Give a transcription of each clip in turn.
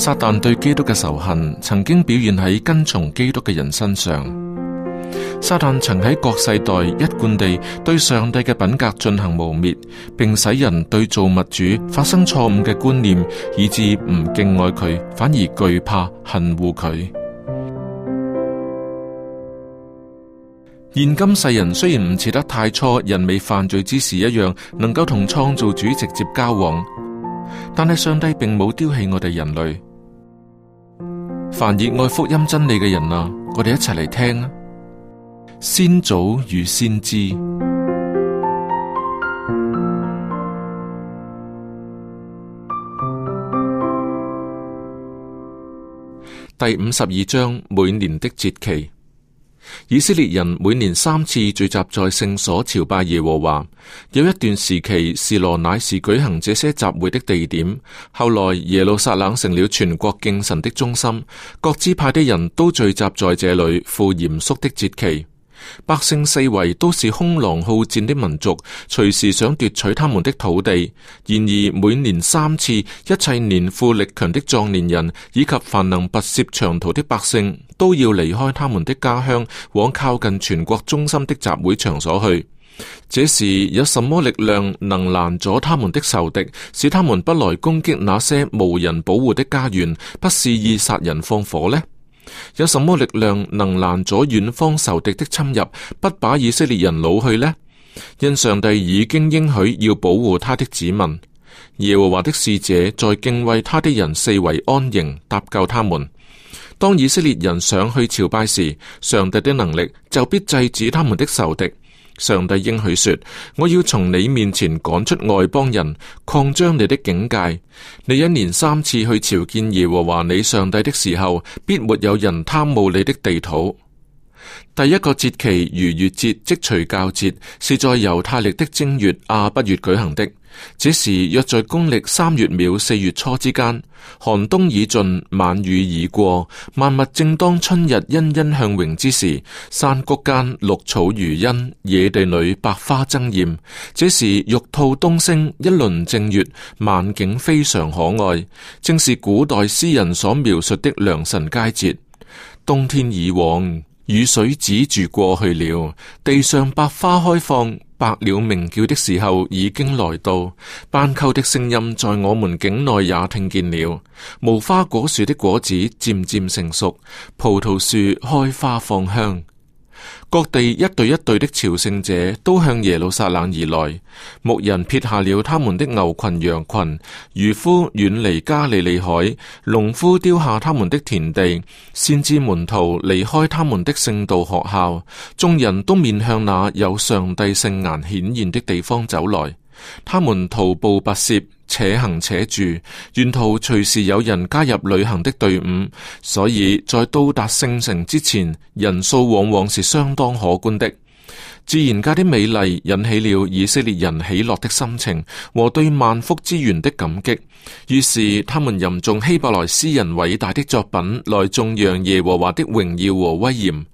撒旦對基督嘅仇恨，曾經表現喺跟從基督嘅人身上。撒旦曾喺各世代一貫地對上帝嘅品格進行污蔑，並使人對造物主發生錯誤嘅觀念，以致唔敬愛佢，反而懼怕恨護佢。現今世人雖然唔似得太初人未犯罪之時一樣，能夠同創造主直接交往，但係上帝並冇丟棄我哋人類。凡熱愛福音真理嘅人啊，我哋一齊嚟聽啊！先祖與先知，第五十二章，每年的節期。以色列人每年三次聚集在聖所朝拜耶和華。有一段時期，示羅乃是舉行這些集會的地點。後來耶路撒冷成了全國敬神的中心，各支派的人都聚集在這裏，赴嚴肅的節期。百姓四圍都是凶狼好戰的民族，隨時想奪取他們的土地。然而每年三次，一切年富力強的壯年人以及凡能跋涉長途的百姓，都要離開他們的家鄉，往靠近全國中心的集會場所去。這時有什麼力量能攔阻他們的仇敵，使他們不來攻擊那些無人保護的家園，不肆意殺人放火呢？有什麼力量能攔阻遠方仇敵的侵入，不把以色列人擄去呢？因上帝已經應許要保護他的子民，耶和華的使者在敬畏他的人四圍安營，搭救他們。當以色列人想去朝拜時，上帝的能力就必制止他們的仇敵。上帝應許說：我要從你面前趕出外邦人，擴張你的境界。你一年三次去朝見耶和華你上帝的時候，必沒有人貪慕你的地土。第一個節期逾越節即除酵節，是在猶太曆的正月亞筆月舉行的。這時約在公曆三月杪四月初之間，寒冬已盡，晚雨已過，萬物正當春日欣欣向榮之時。山谷間綠草如茵，野地裏百花爭艷。這時玉兔東升，一輪正月，晚景非常可愛，正是古代詩人所描述的良辰佳節。冬天已往，雨水止住過去了，地上百花開放。百鳥鳴叫的時候已經來到，斑鳩的聲音在我們境內也聽見了。無花果樹的果子漸漸成熟，葡萄樹開花放香。各地一隊一隊的朝聖者都向耶路撒冷而來，牧人撇下了他們的牛群羊群，漁夫遠離加利利海，農夫丟下他們的田地，先知門徒離開他們的聖道學校，眾人都面向那有上帝聖顏顯現的地方走來。他們徒步跋涉，且行且住，沿途隨時有人加入旅行的隊伍，所以在到達聖城之前，人數往往是相當可觀的。自然界的美麗引起了以色列人喜樂的心情和對萬福之源的感激，於是他們吟誦希伯來詩人偉大的作品來頌揚耶和華的榮耀和威嚴，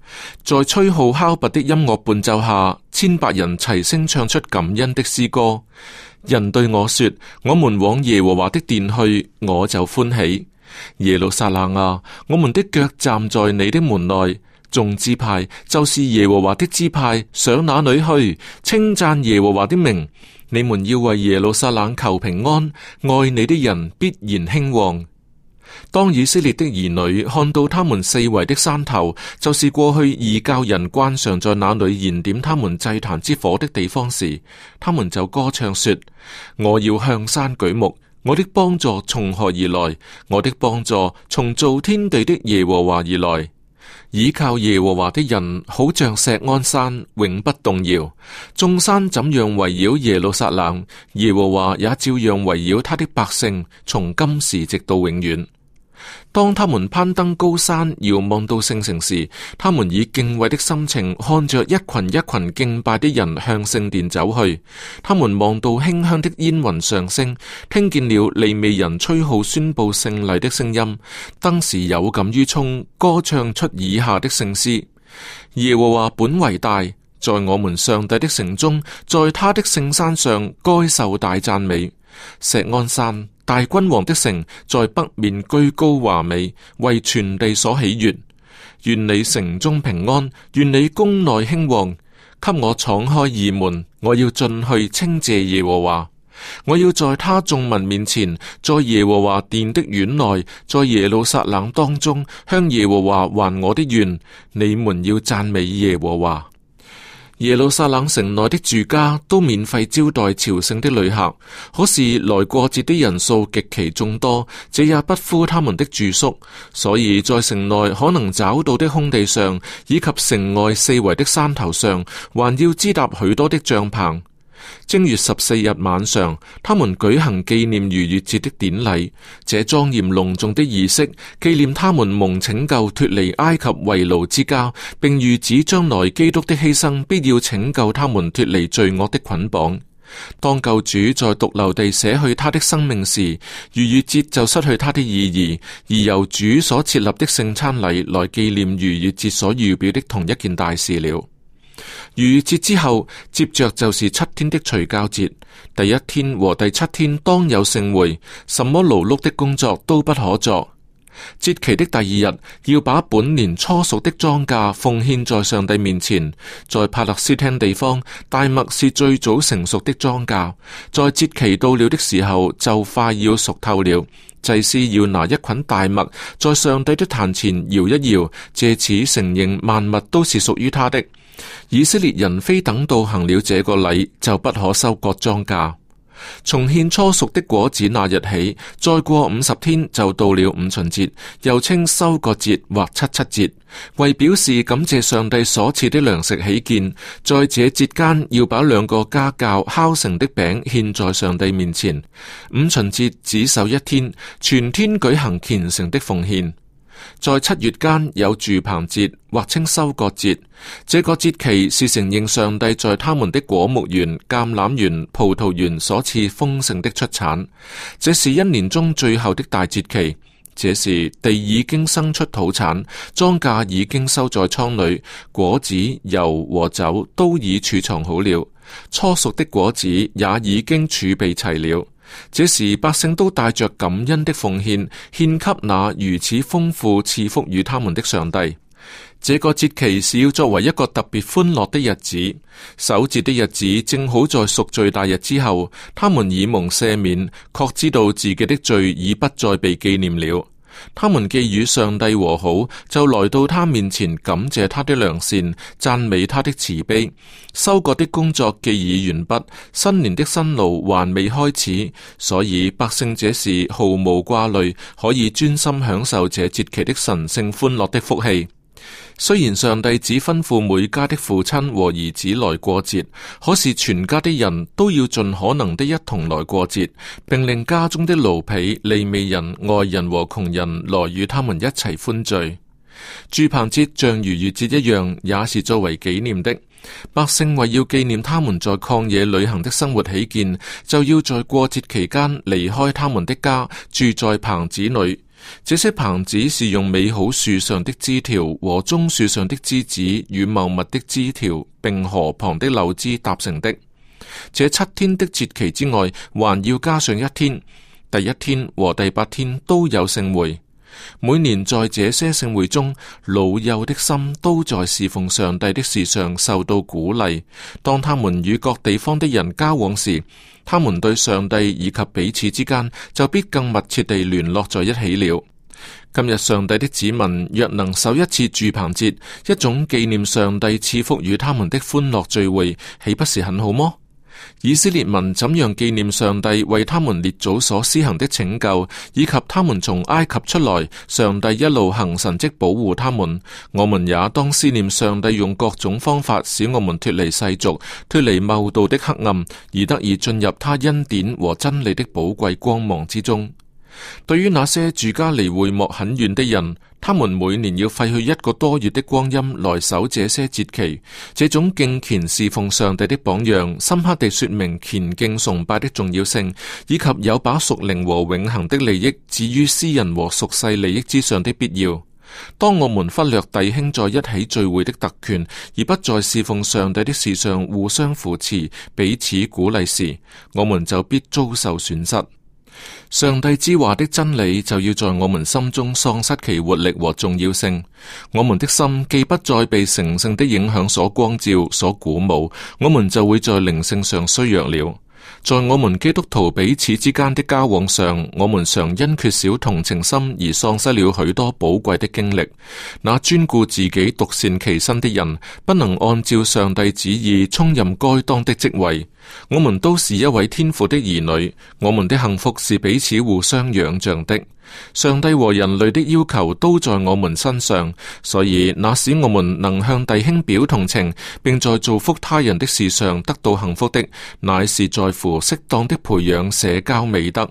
在吹號敲鈸的音樂伴奏下。千百人齊聲唱出感恩的詩歌，人對我說：我們往耶和華的殿去，我就歡喜。耶路撒冷啊，我們的腳站在你的門內，眾支派就是耶和華的支派，上哪裡去？稱讚耶和華的名，你們要為耶路撒冷求平安，愛你的人必然興旺。當以色列的兒女看到他們四圍的山頭，就是過去異教人慣常在那裏燃點他們祭壇之火的地方時，他們就歌唱說：我要向山舉目，我的幫助從何而來？我的幫助從造天地的耶和華而來。倚靠耶和華的人，好像石安山，永不動搖。眾山怎樣圍繞耶路撒冷，耶和華也照樣圍繞他的百姓，從今時直到永遠。當他們攀登高山，遙望到聖城時，他們以敬畏的心情看着一群一群敬拜的人向聖殿走去。他們望到馨香的煙雲上升，聽見了利未人吹號宣布勝利的聲音。當時有感於衷，歌唱出以下的聖詩：耶和華本為大，在我們上帝的城中，在他的聖山上，該受大讚美，錫安山。大君王的城，在北面居高華美，為全地所喜悅。願你城中平安，願你宮內興旺。給我敞開義門，我要進去稱謝耶和華。我要在他眾民面前，在耶和華殿的院內，在耶路撒冷當中，向耶和華還我的願。你們要讚美耶和華。耶路撒冷城內的住家都免費招待朝聖的旅客，可是來過節的人數極其眾多，這也不敷他們的住宿，所以在城內可能找到的空地上，以及城外四圍的山頭上，還要支搭許多的帳棚。正月十四日晚上，他們舉行紀念逾越節的典禮。這莊嚴隆重的儀式，紀念他們蒙拯救脱離埃及為奴之家，並預指將來基督的犧牲，必要拯救他們脱離罪惡的捆綁。當救主在髑髏地捨去他的生命時，逾越節就失去他的意義，而由主所設立的聖餐禮來紀念逾越節所預表的同一件大事了。逾節之後，接着就是七天的除酵節。第一天和第七天當有盛會，什麼勞碌的工作都不可做。節期的第二日，要把本年初熟的莊稼奉獻在上帝面前。在帕勒斯汀地方，大麥是最早成熟的莊稼，在節期到了的時候，就快要熟透了。祭司要拿一捆大麥，在上帝的壇前搖一搖，借此承認萬物都是屬於他的。以色列人非等到行了這個禮就不可收割莊稼。從獻初熟的果子那日起，再過五十天就到了五旬節，又稱收割節或七七節，為表示感謝上帝所賜的糧食起見，在這節間要把兩個家教烤成的餅獻在上帝面前。五旬節只守一天，全天舉行虔誠的奉獻。在七月間有住棚節或稱收割節，這個節期是承認上帝在他們的果木園、橄欖園、葡萄園所賜豐盛的出產。這是一年中最後的大節期。這時地已經生出土產，莊稼已經收在倉裏，果子、油和酒都已儲藏好了，初熟的果子也已經儲備齊了。這時，百姓都帶着感恩的奉獻，獻給那如此豐富賜福予他們的上帝。這個節期是要作為一個特別歡樂的日子，守節的日子正好在贖罪大日之後，他們以蒙赦免，確知道自己的罪已不再被紀念了。他們既與上帝和好，就來到他面前感謝他的良善，讚美他的慈悲。收割的工作既已完畢，新年的新路還未開始，所以百姓這時毫無掛慮，可以專心享受這節期的神聖歡樂的福氣。雖然上帝只吩咐每家的父親和兒子來過節，可是全家的人都要盡可能的一同來過節，並令家中的奴婢、利未人、外人和窮人來與他們一齊歡聚。住棚節像逾越節一樣，也是作為紀念的。百姓為要紀念他們在曠野旅行的生活起見，就要在過節期間離開他們的家，住在棚子裏。這些棚子是用美好樹上的枝條和棕樹上的枝子與茂密的枝條，并河旁的柳枝搭成的。這七天的節期之外，還要加上一天。第一天和第八天都有聖會。每年在這些聖會中，老幼的心都在侍奉上帝的事上受到鼓勵。當他們與各地方的人交往時，他們對上帝以及彼此之間，就必更密切地聯絡在一起了。今日上帝的子民若能守一次住棚節，一種紀念上帝賜福與他們的歡樂聚會，豈不是很好麼？以色列民怎樣紀念上帝為他們列祖所施行的拯救，以及他們從埃及出來，上帝一路行神蹟保護他們？我們也當思念上帝用各種方法，使我們脫離世俗、脫離謬道的黑暗，而得以進入他恩典和真理的寶貴光芒之中。對於那些住家離會幕很遠的人，他們每年要費去一個多月的光陰來守這些節期。這種敬虔侍奉上帝的榜樣，深刻地說明虔敬崇拜的重要性，以及有把屬靈和永恆的利益置於私人和屬世利益之上的必要。當我們忽略弟兄在一起聚會的特權，而不在侍奉上帝的事上互相扶持、彼此鼓勵時，我們就必遭受損失。上帝之話的真理就要在我們心中喪失其活力和重要性。我們的心既不再被神聖的影響所光照、所鼓舞，我們就會在靈性上衰弱了。在我們基督徒彼此之間的交往上，我們常因缺少同情心而喪失了許多寶貴的經歷。那專顧自己獨善其身的人，不能按照上帝旨意充任該當的職位。我們都是一位天父的兒女，我們的幸福是彼此互相仰仗的。上帝和人類的要求都在我們身上，所以那使我們能向弟兄表同情，並在造福他人的事上得到幸福的，乃是在乎適當的培養社交美德。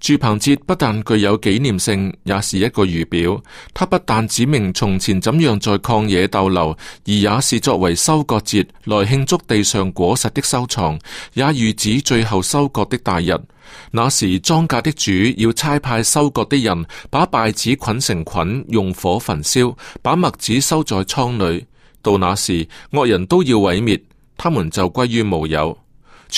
住棚節不但具有紀念性，也是一個預表。它不但指明從前怎樣在曠野逗留，而也是作為收割節來慶祝地上果實的收藏，也預指最後收割的大日。那時莊稼的主，要差派收割的人，把稗子捆成捆，用火焚燒，把麥子收在倉裏。到那時惡人都要毀滅，他們就歸於無有。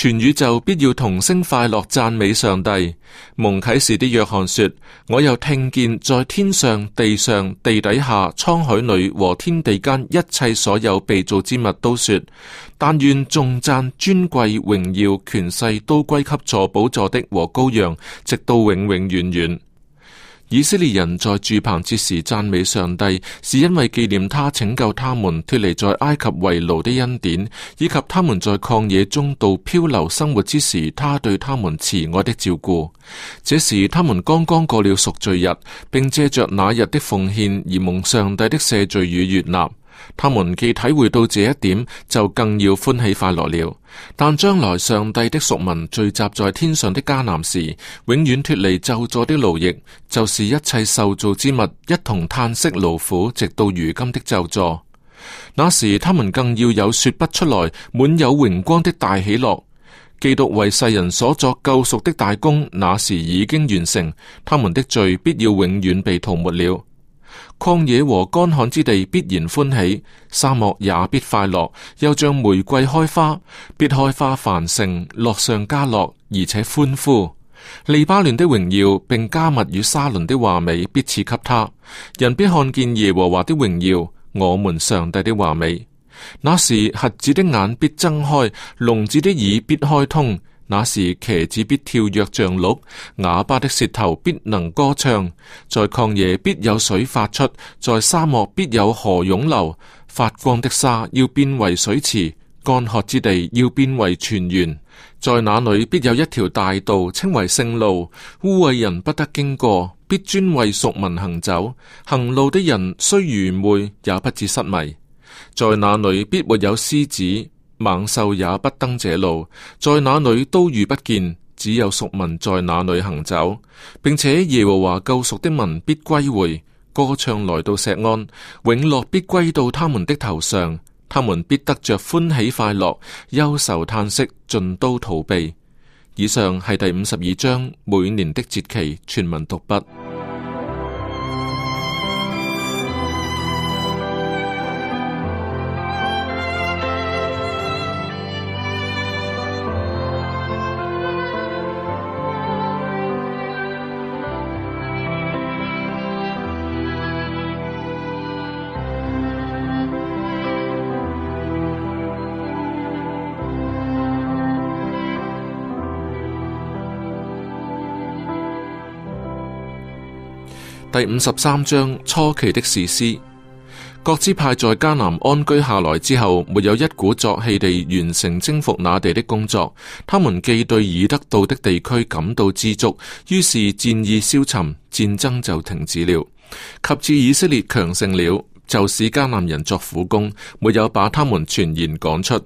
全宇宙必要同聲快樂讚美上帝。蒙啟示的約翰說：我又聽見在天上、地上、地底下、滄海裏和天地間一切所有被造之物都說：但願眾讚尊貴、榮耀、權勢都歸給坐寶座的和羔羊，直到永永遠遠。以色列人在住棚節時讚美上帝，是因為紀念他拯救他們脫離在埃及為奴的恩典，以及他們在曠野中度漂流生活之時他對他們慈愛的照顧。這時他們剛剛過了贖罪日，並借着那日的奉獻而蒙上帝的赦罪與悅納。他們既體會到這一點，就更要歡喜快樂了。但將來上帝的屬民聚集在天上的迦南時，永遠脫離咒詛的勞役，就是一切受造之物一同嘆息勞苦，直到如今的咒詛。那時他們更要有說不出來滿有榮光的大喜樂。基督為世人所作救贖的大功，那時已經完成，他們的罪必要永遠被塗抹了。曠野和乾旱之地必然歡喜，沙漠也必快樂，又像玫瑰開花，必開花繁盛，樂上加樂，而且歡呼。利巴嫩的榮耀，並加密與沙倫的華美必賜給他人，必看見耶和華的榮耀，我們上帝的華美。那時，瞎子的眼必睜開，聾子的耳必開通。那時，瘸子必跳躍像鹿，啞巴的舌頭必能歌唱。在曠野必有水發出，在沙漠必有河湧流。發光的沙要變為水池，乾涸之地要變為泉源。在那裏必有一條大道，稱為聖路，污穢人不得經過，必專為贖民行走。行路的人雖愚昧，也不至失迷。在那裏必沒有獅子。猛獸也不登這路，在哪裏都遇不見，只有屬民在哪裏行走，並且耶和華救贖的民必歸回，歌唱來到石安，永樂必歸到他們的頭上，他們必得着歡喜快樂，憂愁嘆息盡都逃避。以上係第五十二章每年的節期，全文讀畢。第五十三章，初期的士師，各支派在迦南安居下來之後，沒有一鼓作氣地完成征服那地的工作。他們既對已得到的地區感到知足，於是戰意消沉，戰爭就停止了。及至以色列強盛了，就使迦南人作苦工，沒有把他們全然趕出。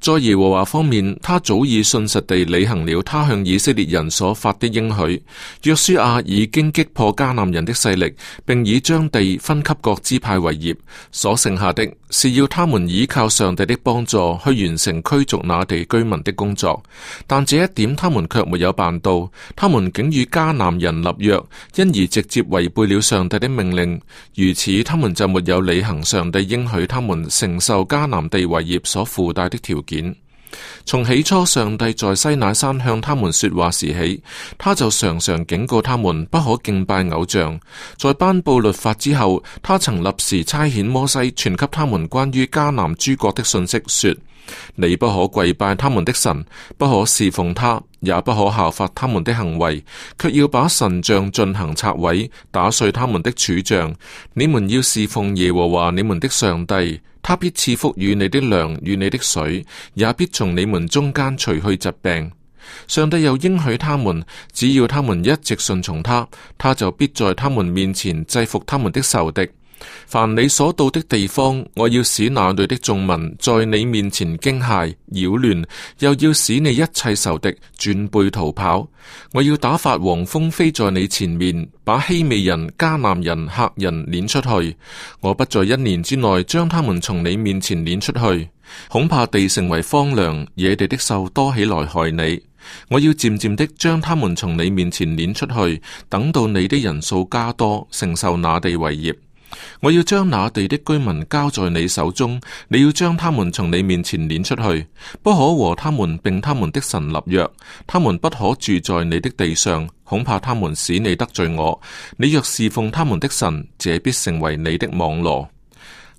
在耶和華方面，他早已信實地履行了他向以色列人所發的應許。約書亞已經擊破迦南人的勢力，並已將地分給各支派為業。所剩下的，是要他們依靠上帝的幫助去完成驅逐那地居民的工作。但這一點他們卻沒有辦到，他們竟與迦南人立約，因而直接違背了上帝的命令。如此，他們就沒有履行上帝應許他們承受迦南地為業所附帶的條件。從起初上帝在西乃山向他們說話時起，他就常常警告他們不可敬拜偶像。在頒布律法之後，他曾立時差遣摩西傳給他們關於迦南諸國的信息，說：你不可跪拜他們的神，不可侍奉他。也不可效法他們的行為，卻要把神像進行拆毀，打碎他們的柱像。你們要侍奉耶和華你們的上帝，他必賜福與你的糧與你的水，也必從你們中間除去疾病。上帝又應許他們，只要他們一直順從他，他就必在他們面前制服他們的仇敵。凡你所到的地方，我要使那裏的眾民在你面前驚駭擾亂，又要使你一切仇敵轉背逃跑。我要打發黃蜂飛在你前面，把希未人、迦南人、赫人攆出去。我不在一年之內將他們從你面前攆出去，恐怕地成為荒涼，野地的獸多起來害你。我要漸漸的將他們從你面前攆出去，等到你的人數加多，承受那地為業。我要將那地的居民交在你手中，你要將他們從你面前攆出去，不可和他們並他們的神立約，他們不可住在你的地上，恐怕他們使你得罪我。你若侍奉他們的神，這必成為你的網羅。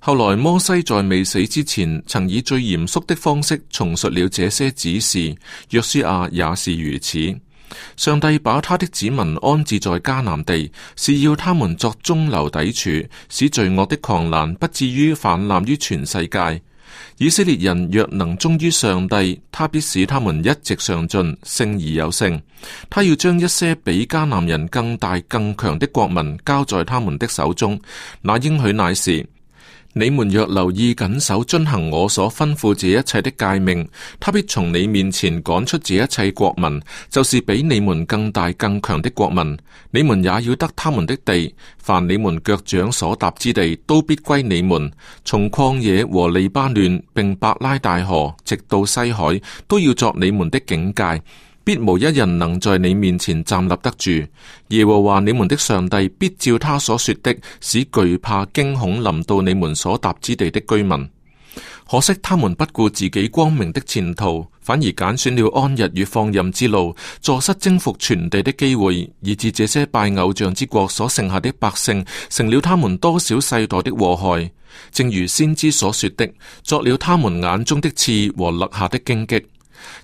後來摩西在未死之前，曾以最嚴肅的方式重述了這些指示，約書亞也是如此。上帝把他的子民安置在迦南地，是要他們作中流砥柱，使罪惡的狂瀾不至於泛濫於全世界。以色列人若能忠於上帝，他必使他們一直上進，勝而有勝。他要將一些比迦南人更大更強的國民交在他們的手中，那應許乃是。你們若留意緊守遵行我所吩咐這一切的誡命，他必從你面前趕出這一切國民，就是比你們更大更強的國民，你們也要得他們的地。凡你們腳掌所踏之地，都必歸你們。從曠野和利巴嫩，並伯拉大河，直到西海，都要作你們的境界。必無一人能在你面前站立得住。耶和華你們的上帝必照他所說的，使懼怕驚恐臨到你們所踏之地的居民。可惜他們不顧自己光明的前途，反而揀選了安逸與放任之路，坐失征服全地的機會，以至這些拜偶像之國所剩下的百姓，成了他們多少世代的禍害。正如先知所說的，作了他們眼中的刺和肋下的荊棘。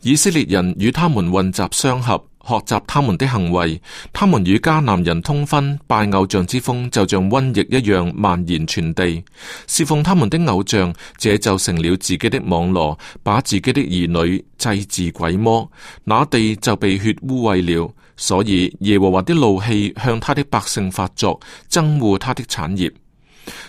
以色列人與他們混雜相合，學習他們的行為；他們與迦南人通婚、拜偶像之風，就像瘟疫一樣蔓延全地，侍奉他們的偶像，這就成了自己的網羅，把自己的兒女祭祀鬼魔，那地就被血污穢了。所以耶和華的怒氣向他的百姓發作，憎惡他的產業。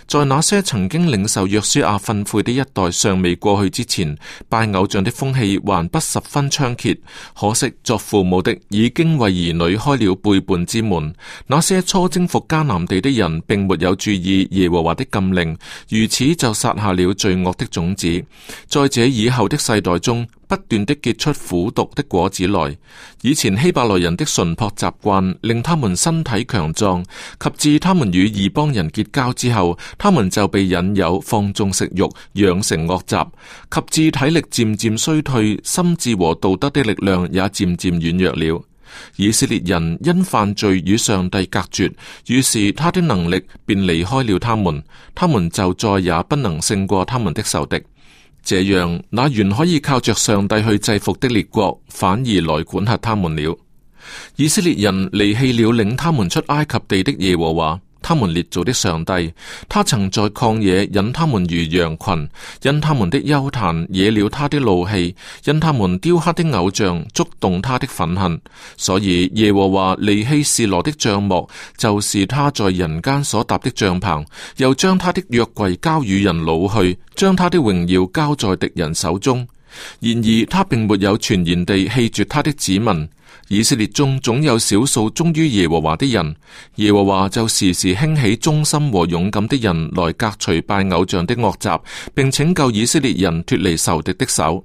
在那些曾經領受約書亞訓誨的一代尚未過去之前，拜偶像的風氣還不十分猖獗。可惜作父母的已經為兒女開了背叛之門。那些初征服迦南地的人並沒有注意耶和華的禁令，如此就撒下了罪惡的種子。在這以後的世代中，不斷的結出苦毒的果子來。以前希伯來人的淳樸習慣令他們身體強壯，及至他們與異邦人結交之後，他們就被引誘放縱食慾，養成惡習，及至體力漸漸衰退，心智和道德的力量也漸漸軟弱了。以色列人因犯罪與上帝隔絕，於是他的能力便離開了他們，他們就再也不能勝過他們的仇敵。這樣，那原可以靠着上帝去制服的列國，反而來管轄他們了。以色列人離棄了領他們出埃及地的耶和華。他們列祖的上帝，他曾在曠野引他們如羊群，因他們的丘壇惹了他的怒氣，因他們雕刻的偶像觸動他的憤恨。所以耶和華離棄示羅的帳幕，就是他在人間所搭的帳棚，又將他的約櫃交與人擄去，將他的榮耀交在敵人手中。然而他並沒有全然地棄絕他的子民。以色列中總有少數忠於耶和華的人，耶和華就時時興起忠心和勇敢的人來革除拜偶像的惡習，並拯救以色列人脱離仇敵的手。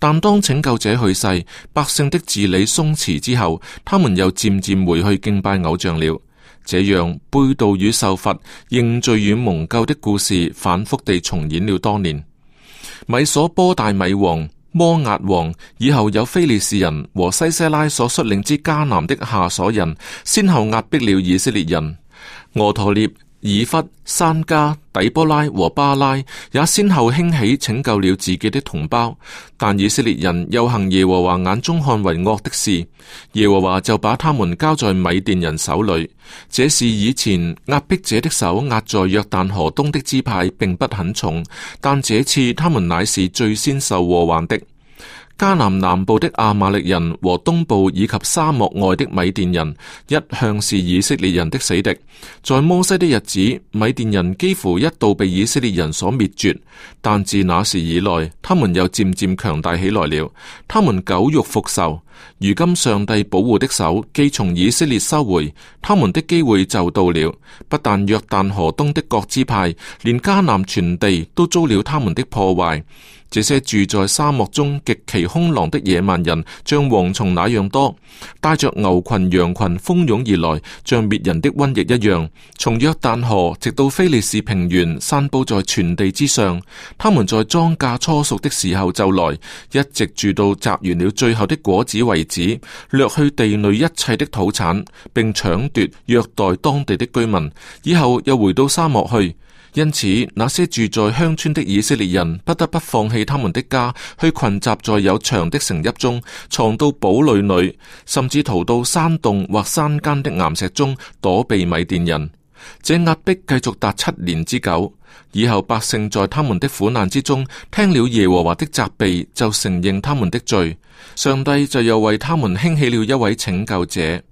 但當拯救者去世，百姓的治理鬆弛之後，他們又漸漸回去敬拜偶像了。這樣背道與受罰、認罪與蒙救的故事，反復地重演了多年。米索波大米王。摩押王以後，有非利士人和西西拉所率領之迦南的夏瑣人，先後壓迫了以色列人。俄陀烈。以笏、珊迦、底波拉和巴拉也先後興起拯救了自己的同胞，但以色列人又行耶和華眼中看為惡的事，耶和華就把他們交在米甸人手裏。這是以前壓迫者的手壓在約旦河東的支派並不很重，但這次他們乃是最先受禍患的。迦南南部的阿瑪力人和東部以及沙漠外的米甸人一向是以色列人的死敵，在摩西的日子，米甸人幾乎一度被以色列人所滅絕，但自那時以來，他們又漸漸強大起來了，他們狗欲復仇。如今上帝保護的手既從以色列收回，他們的機會就到了。不但約旦河東的國支派，連迦南全地都遭了他們的破壞。這些住在沙漠中極其凶狼的野蠻人，像蝗蟲那樣多，帶着牛群羊群蜂擁而來，像滅人的瘟疫一樣，從約旦河直到非利士平原，散布在全地之上。他們在莊稼初熟的時候就來，一直住到摘完了最後的果子。為止掠去地裡一切的土產，並搶奪虐待當地的居民，以後又回到沙漠去。因此，那些住在鄉村的以色列人不得不放棄他們的家，去群集在有牆的城邑中，藏到堡壘裏，甚至逃到山洞或山間的岩石中躲避米甸人。這壓迫繼續達七年之久。以後百姓在他們的苦難之中，聽了耶和華的責備，就承認他們的罪，上帝就又為他們興起了一位拯救者。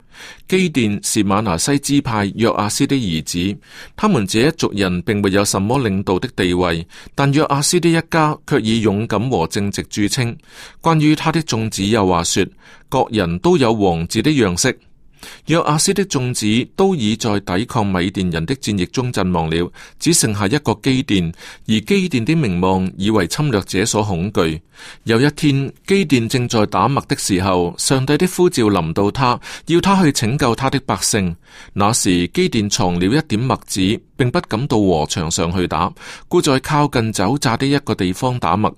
基甸是馬拿西支派約阿斯的兒子，他們這一族人並沒有什麼領導的地位，但約阿斯的一家卻以勇敢和正直著稱。關於他的眾子又話說：各人都有王子的樣式。若阿斯的眾子都已在抵抗米甸人的戰役中陣亡了，只剩下一個基甸，而基甸的名望以為侵略者所恐懼。有一天，基甸正在打麥的時候，上帝的呼召臨到他，要他去拯救他的百姓。那時，基甸藏了一點麥子，並不敢到禾場上去打，故在靠近酒榨的一個地方打麥，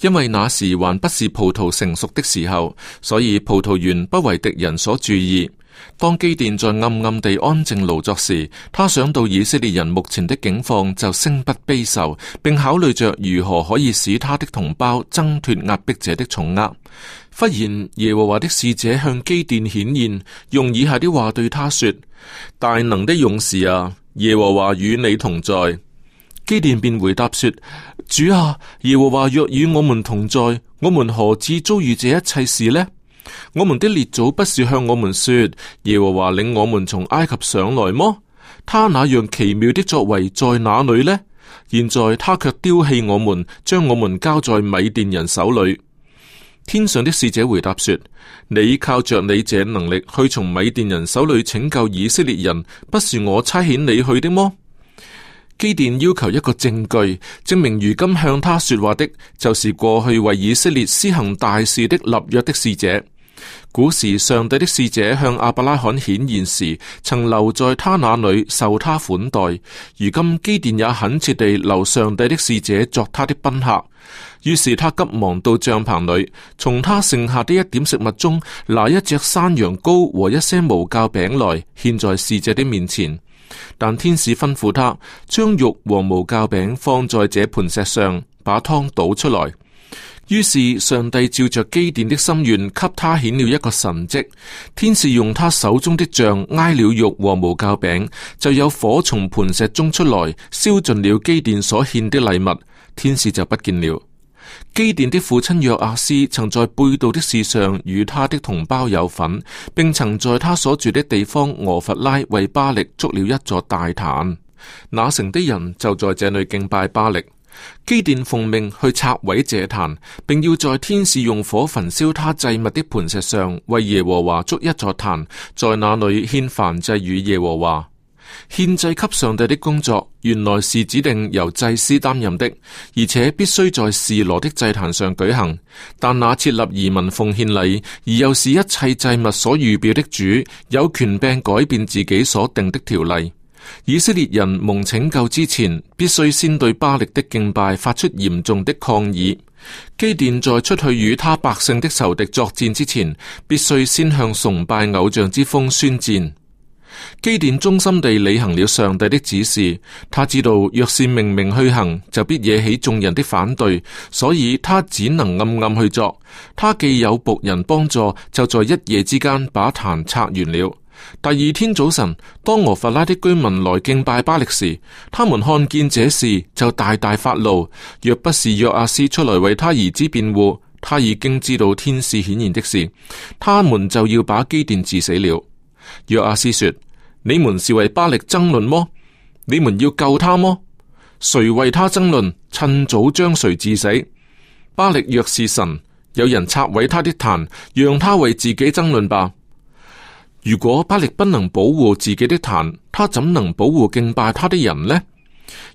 因為那時還不是葡萄成熟的時候，所以葡萄園不為敵人所注意。當基甸在暗暗地安靜勞作時，他想到以色列人目前的境況就心不悲愁，並考慮着如何可以使他的同胞掙脫壓迫者的重壓。忽然，耶和華的使者向基甸顯現，用以下的話對他說：大能的勇士啊，耶和華與你同在。基甸便回答說：主啊，耶和華若與我們同在，我們何至遭遇這一切事呢？我們的列祖不是向我們說，耶和華領我們從埃及上來麼？他那樣奇妙的作為在哪裏呢？現在他卻丟棄我們，將我們交在米甸人手裏。天上的使者回答說：你靠着你這能力去從米甸人手裏拯救以色列人，不是我差遣你去的麼？基甸要求一個證據，證明如今向他說話的就是過去為以色列施行大事的立約的使者。古時上帝的使者向阿伯拉罕顯現時，曾留在他那裏受他款待。如今基甸也懇切地留上帝的使者作他的賓客。於是他急忙到帳篷裏，從他剩下的一點食物中拿一隻山羊羔和一些無酵餅來獻在使者的面前。但天使吩咐他將肉和無酵餅放在這磐石上，把湯倒出來。於是上帝照着基甸的心願，給他顯了一個神蹟。天使用他手中的杖挨了肉和無酵餅，就有火從磐石中出來，燒盡了基甸所獻的禮物。天使就不見了。基甸的父親約阿斯曾在背道的事上與他的同胞有份，並曾在他所住的地方俄弗拉為巴力築了一座大壇，那城的人就在這裏敬拜巴力。基甸奉命去拆毀這壇，並要在天使用火焚燒他祭物的磐石上為耶和華築一座壇，在那裏獻燔祭與耶和華。獻祭給上帝的工作，原來是指定由祭司擔任的，而且必須在示羅的祭壇上舉行。但那設立移民奉獻禮而又是一切祭物所預表的主，有權柄改變自己所定的條例。以色列人蒙拯救之前，必須先對巴力的敬拜發出嚴重的抗議。基甸在出去與他百姓的仇敵作戰之前，必須先向崇拜偶像之風宣戰。基甸忠心地履行了上帝的指示，他知道若是明明去行，就必惹起眾人的反對，所以他只能暗暗去作。他既有僕人幫助，就在一夜之間把壇拆完了。第二天早晨，當俄弗拉的居民來敬拜巴力時，他們看見這事就大大發怒。若不是約阿斯出來為他兒子辯護，他已經知道天使顯然的事，他們就要把基甸致死了。約阿斯說：你們是為巴力爭論麼？你們要救他麼？誰為他爭論，趁早將誰致死。巴力若是神，有人拆毀他的壇，讓他為自己爭論吧。如果巴力不能保護自己的壇，他怎能保護敬拜他的人呢？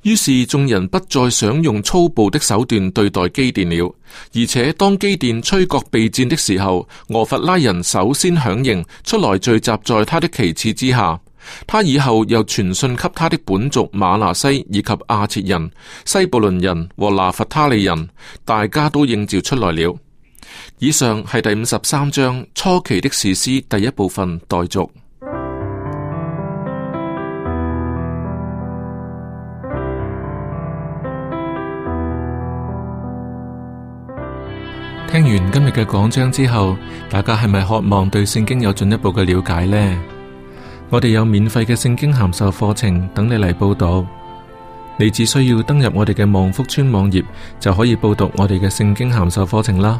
於是眾人不再想用粗暴的手段對待基甸了。而且當基甸吹角備戰的時候，俄弗拉人首先響應，出來聚集在他的旗幟之下。他以後又傳信給他的本族馬拿西以及亞設人、西布倫人和拿弗他利人，大家都應召出來了。以上係第五十三章初期的實施第一部分待續。聽完今日嘅講章之後，大家係咪渴望對聖經有進一步嘅了解呢？我哋有免費嘅聖經函授課程等你嚟報讀。你只需要登入我哋嘅望福村網頁，就可以報讀我哋嘅聖經函授課程啦。